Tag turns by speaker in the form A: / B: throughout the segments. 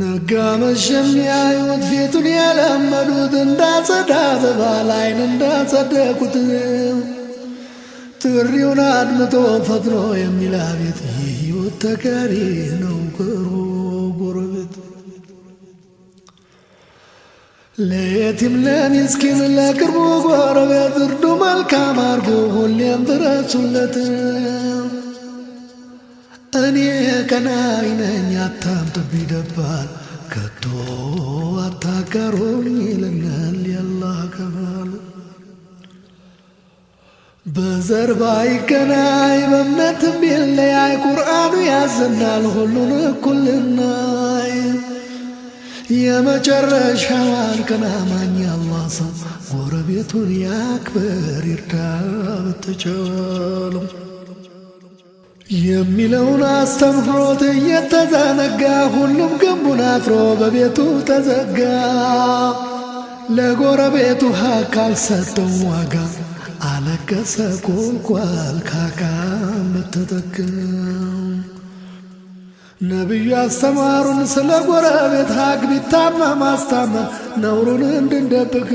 A: ነጋ መሸም ያዩት ፊቱን የለመዱት እንዳጸዳት ባል አይን እንዳጸደቁት ጥሪውን አድምቶ ፈጥኖ የሚላ ቤት የህይወት ተጋሪ ነው ቅርቡ ጎረቤት ለየቲም ለሚስኪን ለቅርቡ ጎረቤት እርዱ መልካም አርጎ ሁሌም ድረሱለት። እኔ ቀናይ ነኝ አታምጥብኝ ደባል ከቶ አታጋሩኝ ይለናል ያላህ ከማሉ በዘር ባይገናኝ በእምነት ቢለያይ ቁርአኑ ያዘናል ሁሉን እኩልናይ የመጨረሻዋን ቀን አማኝ ሰው ጎረቤቱን ያክብር ይርዳ ብትችሉም የሚለውን አስተምህሮት እየተዘነጋ ሁሉም ግንቡን አጥሮ በቤቱ ተዘጋ። ለጎረቤቱ ሀካል ሰጠው ዋጋ አለቀሰ ቁልቋል ካካ ምትጠቅም ነቢዩ አስተማሩን ስለ ጎረቤት ሀቅ ቢታመም ማስታመም ነውሩን እንድንደብቅ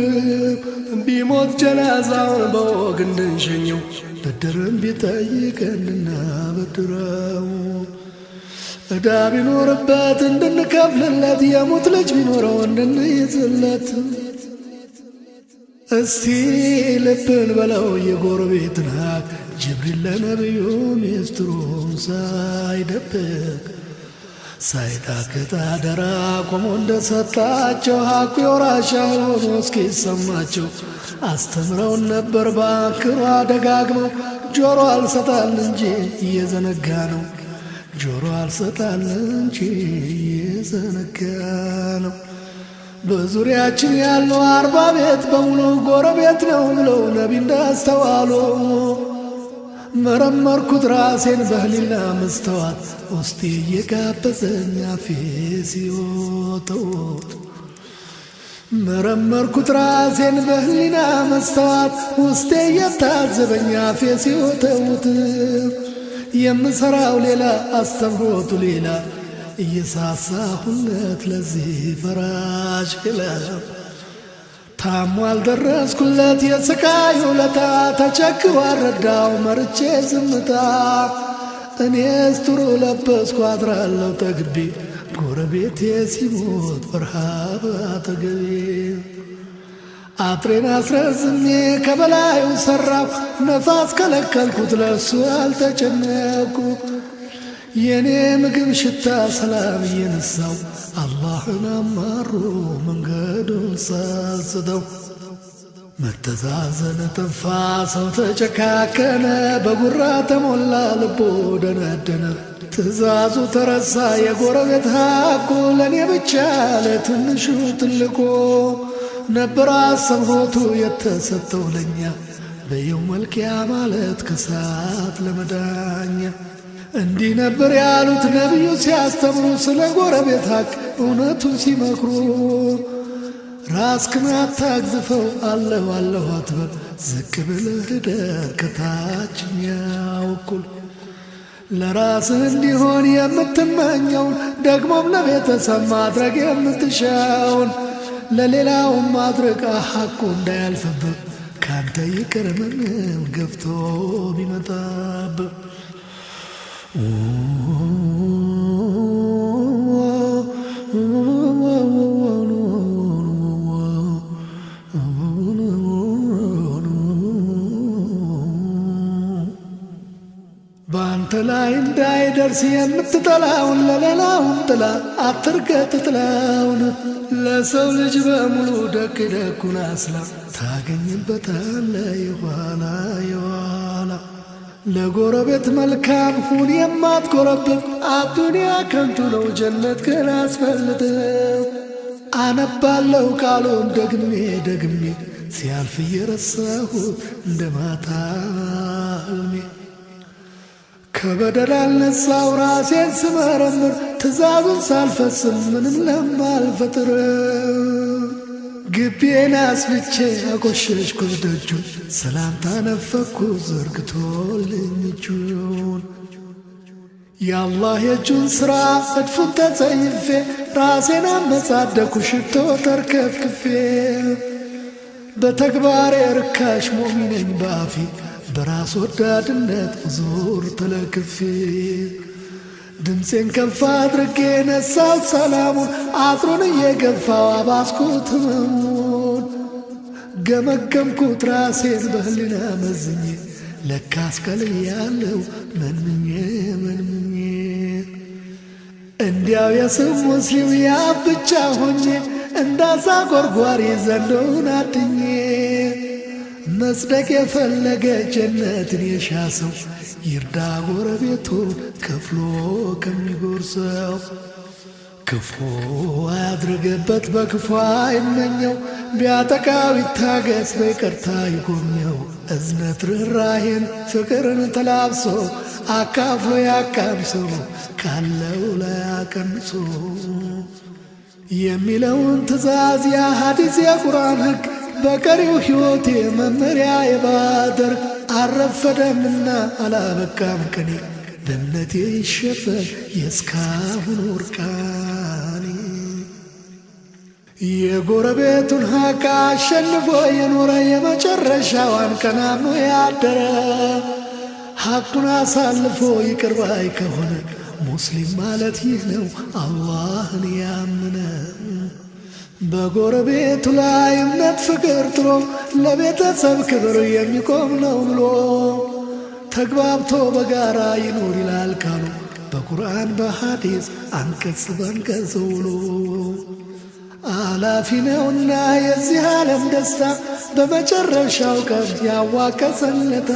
A: ቢሞት ጀናዛውን በወግ እንድንሸኘው ብድርም ቢጠይቅ እንድናበድረው ዕዳ ቢኖርበት እንድንከፍልለት የሙት ልጅ ቢኖረው እንድንይዝለት እስቲ ልብን በለው የጎረቤትን ሀቅ ጅብሪል ለነቢዩ ሚስጥሩን ሳይደብቅ ሳይታክት አደራ ቆሞ እንደሰጣቸው ሀቁ የወራሽ ሆኖ እስኪሰማቸው አስተምረውን ነበር በአክሩ ደጋግመው ጆሮ አልሰጣል እንጂ እየዘነጋ ነው። ጆሮ አልሰጣል እንጂ እየዘነጋ ነው። በዙሪያችን ያለው አርባ ቤት በሙሉ ጎረቤት ነው ብለው ነቢ እንዳስተዋሉ መረመርኩት ራሴን በህሊና መስተዋት ውስጤ እየጋበዘኝ አፌ ሲወተውት መረመርኩት ራሴን በህሊና መስተዋት ውስጤ እየታዘበኝ አፌ ሲወተውት የምሰራው ሌላ አስተምሮቱ ሌላ እየሳሳሁለት ለዚህ ፈራሽ ክለብ ታሞ አልደረስኩለት የስቃይ ውለታ ተቸክሮ አረዳው መርቼ ዝምታ እኔስ ቱሩ ለበስኩ አድራለሁ ተግቢ ጎረቤቴ ሲሞት በረሃብ አጠገቤ አጥሬን አስረዝሜ ከበላዩ ሰራፍ ነፋስ ከለከልኩት ለሱ አልተጨነኩ የኔ ምግብ ሽታ ሰላም እየነሳው አላህን አማሮ መንገዱን ሰስተው መተዛዘን ጠፋ፣ ሰው ተጨካከነ፣ በጉራ ተሞላ፣ ልቦ ደነደነ። ትእዛዙ ተረሳ፣ የጎረቤት ሀቁ ለእኔ ብቻ ለትንሹ ትልቁ ነበር አሰብሆቱ የተሰጠው ለኛ በየው መልኪያ ማለት ከሳት ለመዳኛ እንዲህ ነበር ያሉት ነቢዩ ሲያስተምሩ ስለ ጎረቤት ሀቅ እውነቱን ሲመክሩ ራስክን አታግዝፈው አለሁ አለሁ አትበል ዝቅ ብለህ ደር ከታችኛው እኩል ለራስህ እንዲሆን የምትመኘውን ደግሞም ለቤተሰብ ማድረግ የምትሻውን ለሌላውም ማድረግ ሐቁ እንዳያልፍብህ ካንተ ይቅር ገፍቶ ቢመጣብህ በአንተ ላይ እንዳይደርስ የምትጠላውን ለሌላውን ጥላ አትርገጥ ጥላውን ለሰው ልጅ በሙሉ ደግ ደጉን አስላ ታገኝበታለ የኋላ የኋላ ለጎረቤት መልካም ሁን የማትኮረብት አዱንያ ከንቱ ነው ጀነት ግን አስፈልጥ አነባለሁ ቃሉን ደግሜ ደግሜ ሲያልፍ እየረሳሁ እንደ ማታ ከበደል አልነሳው ራሴን ስመረምር ትእዛዙን ሳልፈስም ምንም ለማልፈጥርም ግቤን አስፍቼ አቆሸሽኩት ደጁን ሰላምታ ነፈኩ ዘርግቶልኝ እጁን የአላህ የእጁን ሥራ እድፉን ተጸይፌ ራሴን አመጻደኩ ሽቶ ተርከፍክፌ በተግባር የርካሽ ሞሚነኝ ባፊ በራስ ወዳድነት ዙር ተለክፌ ድምፄን ከፍ አድርጌ ነሳው ሰላሙን አጥሩን እየገፋው አባስኩት ህመሙን ገመገምኩት ራሴን በህሊና መዝኜ ለካ አስከልያለው መንምኜ መንምኜ እንዲያው የስም ሙስሊም ያ ብቻ ሆኜ እንዳዛ ጎርጓሪ ዘንዶውን አድኜ መጽደቅ የፈለገ ጀነትን የሻ ሰው ይርዳ ጎረቤቱን ከፍሎ ከሚጎርሰው። ክፉ አያድርግበት በክፉ አይመኘው፣ ቢያጠቃው ይታገስ በይቅርታ ይጎብኘው። እዝነት ርኅራሄን ፍቅርን ተላብሶ አካፍሎ ያቃምሶ ካለው ላይ አቀምሶ የሚለውን ትእዛዝ የሐዲስ የቁርአን ሕግ በቀሪው ሕይወቴ መመሪያ የባደር አረፈደምና አላበቃም ቀኔ በእምነቴ ይሸፈን የእስካሁን ወርቃኔ የጎረቤቱን ሀቅ አሸንፎ የኖረ የመጨረሻዋን ቀናኖ ያደረ ሀቁን አሳልፎ ይቅርባይ ከሆነ ሙስሊም ማለት ይህ ነው አላህን ያምነ በጎረቤቱ ላይ እምነት ፍቅር ጥሎ ለቤተሰብ ክብር የሚቆም ነው ብሎ ተግባብቶ በጋራ ይኑር ይላል ካሉ። በቁርአን በሐዲስ አንቀጽ በንቀጽ ውሎ አላፊ ነውና የዚህ ዓለም ደስታ በመጨረሻው ቀን ያዋቀሰለታ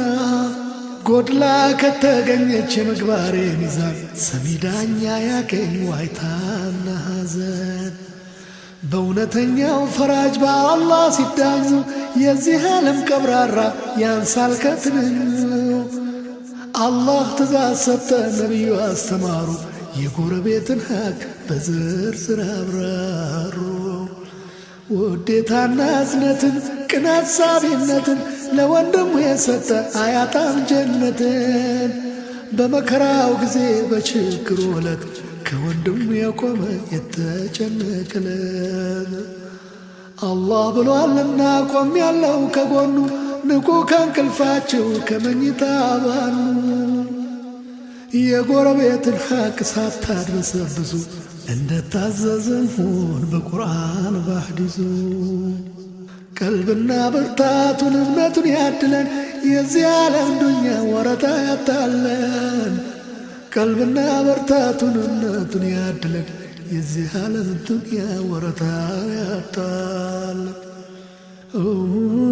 A: ጎድላ ከተገኘች የምግባሬ ሚዛን ሰሚዳኛ ያገኝ ዋይታና ሐዘን በእውነተኛው ፈራጅ በአላህ ሲዳኙ የዚህ ዓለም ቀብራራ ያንሳል ከትንኙ። አላህ ትእዛዝ ሰጠ ነቢዩ አስተማሩ፣ የጎረቤትን ሀቅ በዝርዝር አብራሩ። ውዴታና እዝነትን ቅናት ሳቢነትን ለወንድሙ የሰጠ አያጣም ጀነትን። በመከራው ጊዜ በችግሩ ዕለት ከወንድሙ የቆመ የተጨነቀለት አላህ ብሏልና ቆም ያለው ከጎኑ ንቁ ከእንቅልፋችሁ ከመኝታ ባኑ የጎረቤትን ሐቅ ሳታድበሰብሱ እንደታዘዝን ሁን በቁርአን ባህዲዙ ቀልብና ብርታቱን እምነቱን ያድለን የዚህ ዓለም ዱኛ ወረታ ያታለን ቀልብና በርታቱን እምነቱን ያድለን። የዚህ ዓለም ዱንያ ወረታ ያጣለን።